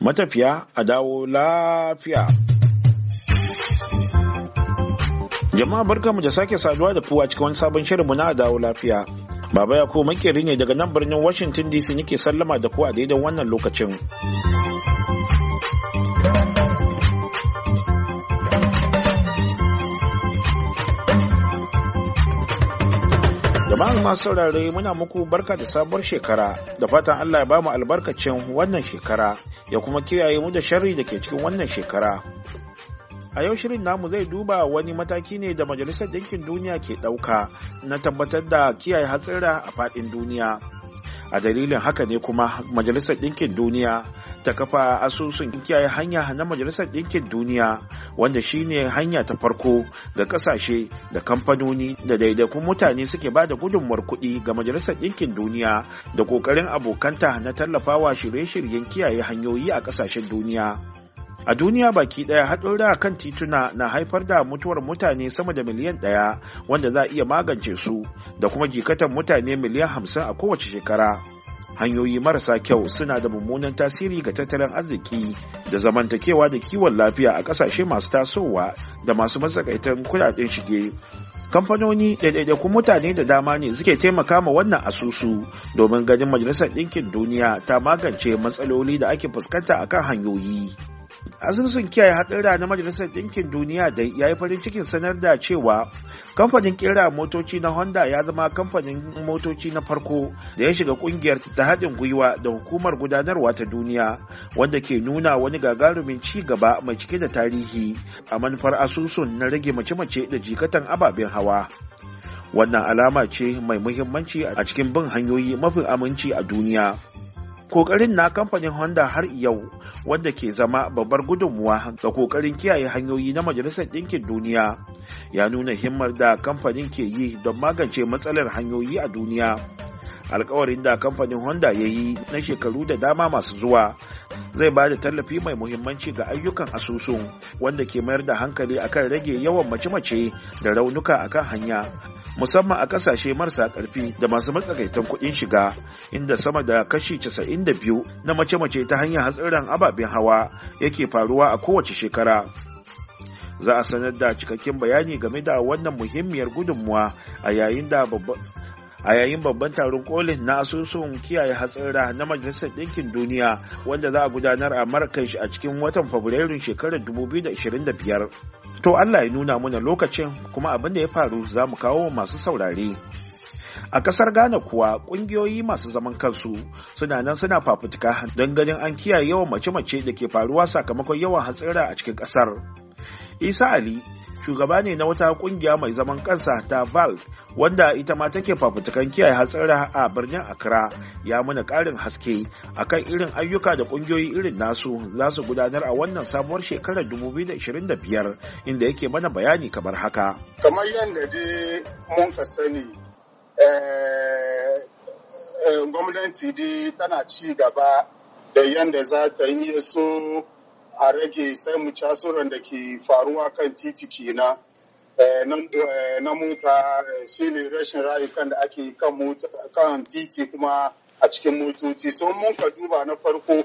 matafiya a dawo lafiya. Jama'a mu da sake saduwa da kowa cikin wani sabon shirin mu na dawo lafiya. Baba ya ko makeri ne daga nan birnin Washington DC nake sallama da ku a daidan wannan lokacin. Jama'a masu saurare muna muku barka da sabuwar shekara da fatan Allah ya ba mu albarkacin wannan shekara ya kuma kiyaye mu da sharri da ke cikin wannan shekara. A yau shirin namu zai duba wani mataki ne da Majalisar Dinkin Duniya ke ɗauka na tabbatar da kiyaye hatsira a faɗin duniya. A dalilin haka ne kuma Majalisar Dinkin Duniya ta kafa asusun kiyaye hanya na majalisar ɗinkin duniya wanda shine hanya ta farko ga kasashe da kamfanoni da daidaikun mutane suke ba da gudunmuwar kuɗi ga majalisar ɗinkin duniya da ƙoƙarin abokanta na tallafawa shirye-shiryen kiyaye hanyoyi a ƙasashen duniya. a duniya baki daya haɗura kan tituna na haifar da mutuwar mutane sama da miliyan ɗaya wanda za a iya magance su da kuma jikatan mutane miliyan hamsin a kowace shekara. hanyoyi marasa kyau suna da mummunan tasiri ga tattalin arziki da zamantakewa da kiwon lafiya a kasashe masu tasowa da masu matsakaitan kudaden shige kamfanoni kuma mutane da dama ne suke taimaka ma wannan asusu domin ganin majalisar ɗinkin duniya ta magance matsaloli da ake fuskanta akan hanyoyi asusun kiyaye haɗura na majalisar ɗinkin duniya da ya yi farin cikin sanar da cewa kamfanin kera motoci na honda ya zama kamfanin motoci na farko da ya shiga kungiyar ta haɗin gwiwa da hukumar gudanarwa ta duniya wanda ke nuna wani gagarumin ci gaba mai cike da tarihi a manufar asusun na rage mace-mace da jikatan ababen hawa wannan alama ce mai muhimmanci a cikin bin hanyoyi mafi aminci a duniya Kokarin na kamfanin Honda har yau wanda ke zama babbar gudunmuwa ga kokarin kiyaye hanyoyi na Majalisar Ɗinkin Duniya ya nuna himmar da kamfanin ke yi don magance matsalar hanyoyi a duniya. alkawarin da kamfanin honda ya yi na shekaru da dama masu zuwa zai ba da tallafi mai muhimmanci ga ayyukan asusun wanda ke mayar da hankali akan rage yawan mace-mace da raunuka akan hanya musamman a kasashe marasa karfi da masu matsakaitan kuɗin shiga inda sama da kashi 92 na mace-mace ta hanyar hatsarin ababen hawa yake faruwa a kowace shekara za a sanar da cikakken bayani game da wannan muhimmiyar gudunmuwa a yayin da a yayin babban taron kolin na asusun kiyaye hatsara na majalisar ɗinkin duniya wanda za a gudanar a marrakesh a cikin watan fabrairun shekarar 2025 to allah ya nuna muna lokacin kuma abin da ya faru za mu kawo masu saurare a kasar ghana kuwa kungiyoyi masu zaman kansu suna nan suna fafutuka don ganin an kiyaye yawan mace-mace da ke faruwa sakamakon yawan hatsira a cikin kasar isa ali shugaba ne na wata kungiya mai zaman kansa ta vald wanda ita ma take fafutukan kiyaye hatsara a birnin accra ya muna karin haske akan irin ayyuka da kungiyoyi irin nasu za su gudanar a wannan sabuwar shekarar 2025 inda yake mana bayani kamar haka kamar yadda dai mun ka sani eh, eh, gwamnati dai tana ci gaba da yadda za ta yi so a rage sai mu casuran da ke faruwa kan titi kina eh, eh, na mota eh, shi ne rashin rayukan da ake kan titi kuma a cikin motoci sun mun ka duba na farko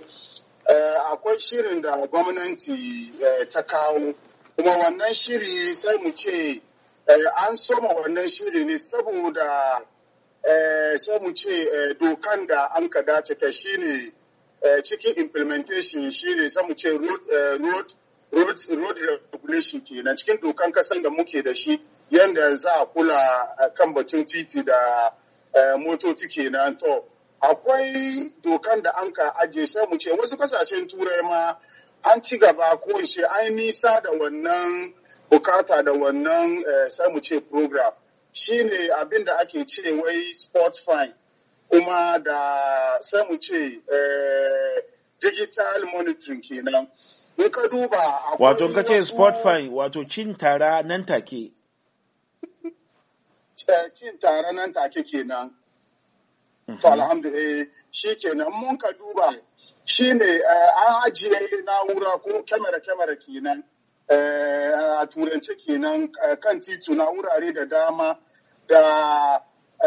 akwai shirin da gwamnati ta kawo kuma wannan shiri sai mu ce an soma wannan shiri ne saboda sai mu ce dokan da an ka dace ta shine Eh, cikin implementation shine zamu ce road road road regulation kenan cikin dokan kasan da muke da shi yanda za a kula eh, kan batun titi da eh, motoci kenan to akwai dokan da an ka ajiye sai mu ce wasu kasashen turai ma an ci gaba ko shi an nisa da wannan bukata da wannan sai mu ce program shine abin da ake ce wai sport fine kuma da sai mu ce eh, digital monitoring kenan in ka duba wato ka ce spotify wato cin tara nan take eh, cin tara nan take kenan mhm. to alhamdulillah shi kenan mun ka duba shi ne eh, an ajiye na'ura ko kamera kamera kenan a turance kenan kan tituna wurare da dama da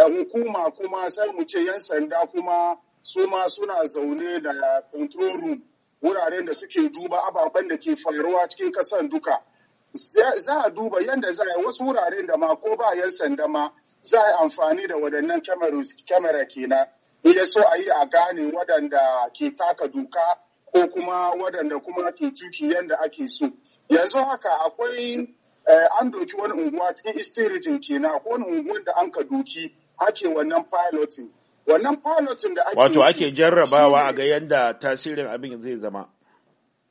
hukuma kuma sai mu ce 'yan sanda kuma su ma suna zaune da control room wuraren da suke duba ababen da ke faruwa cikin kasan duka. Za a duba yadda za a wasu wuraren da ma ko ba 'yan sanda ma za a amfani da waɗannan kyamara kenan. ya so a yi a gane waɗanda ke taka duka ko kuma waɗanda kuma ke tuki yadda ake so. Yanzu haka akwai eh, an doki wani unguwa cikin Eastern kenan, akwai wani unguwar da an ka doki ake wannan piloting wannan piloting da ake wato ake jarrabawa a ga yadda tasirin abin zai zama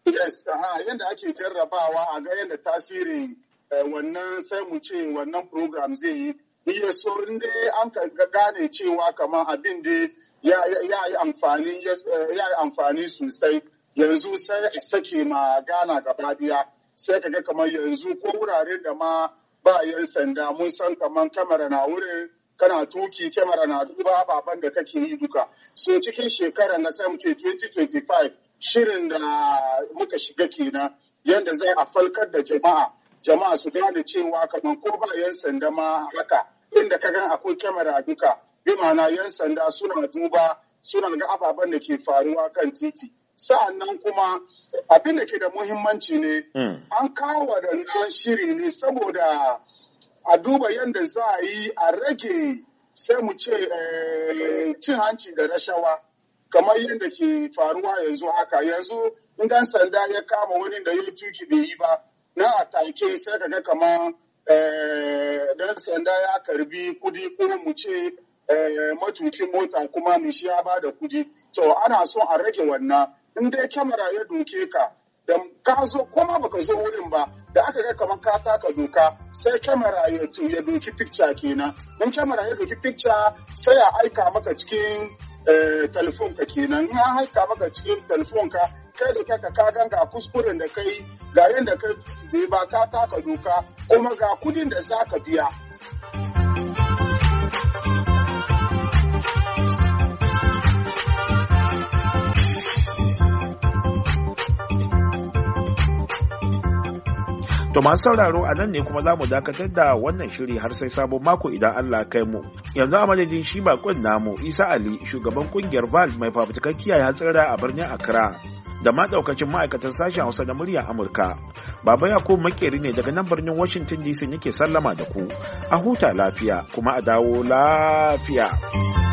yes ha yadda ake jarrabawa a ga yadda tasirin eh, wannan sai mu ce wannan program zai yi iya so inda an gane cewa kamar abin da ya yi amfani eh, ya yi amfani sosai yanzu sai a sake ma gana gaba daya sai ga kamar yanzu ko wuraren da ma ba yan sanda mun san kamar kamera na wurin kana tuki kyamara na duba ababen da kake yi duka so cikin shekarar na sai mu ce 2025 shirin da muka shiga kenan yadda zai a falkar da jama'a jama'a su gane cewa kamar ko ba yan sanda ma haka inda ka gan akwai kyamara duka bi ma'ana yan sanda suna duba suna ga ababen da ke faruwa kan titi sa'annan kuma abin da ke da muhimmanci ne hmm. an kawo waɗannan shiri ne saboda a duba yadda za a yi a rage sai mu ce eh, cin hanci da rashawa kamar yadda ke faruwa yanzu haka yanzu in ɗan sanda ya kama wani da ya tuki bai yi ba na a take sai kaga kamar eh, ɗan sanda ya karbi kudi ko mu ce eh, matukin mota kuma mu shi ya ba da kudi to ana so a rage wannan in dai kyamara ya doke ka ka zo kuma baka zo wurin ba da aka ga kamar ka taka doka sai kyamara ya doki picture kenan don kyamara ya doki picture sai a aika maka cikin eh, telefon ka kenan in an aika maka cikin telefon ka kai da kai ka ganga kuskuren da kai ga yanda ka ba ka taka doka kuma ga kudin da za ka biya To masu sauraro a nan ne kuma za mu dakatar da wannan shiri har sai sabon mako idan Allah kai mu. Yanzu a madadin shi bakon namu Isa Ali shugaban kungiyar Val mai fafutukar kiyaye hatsara a birnin Accra da ma daukacin ma'aikatan sashen Hausa na murya Amurka. Baba Yakubu makeri ne daga nan birnin Washington DC nake sallama da ku. A huta lafiya kuma a dawo lafiya.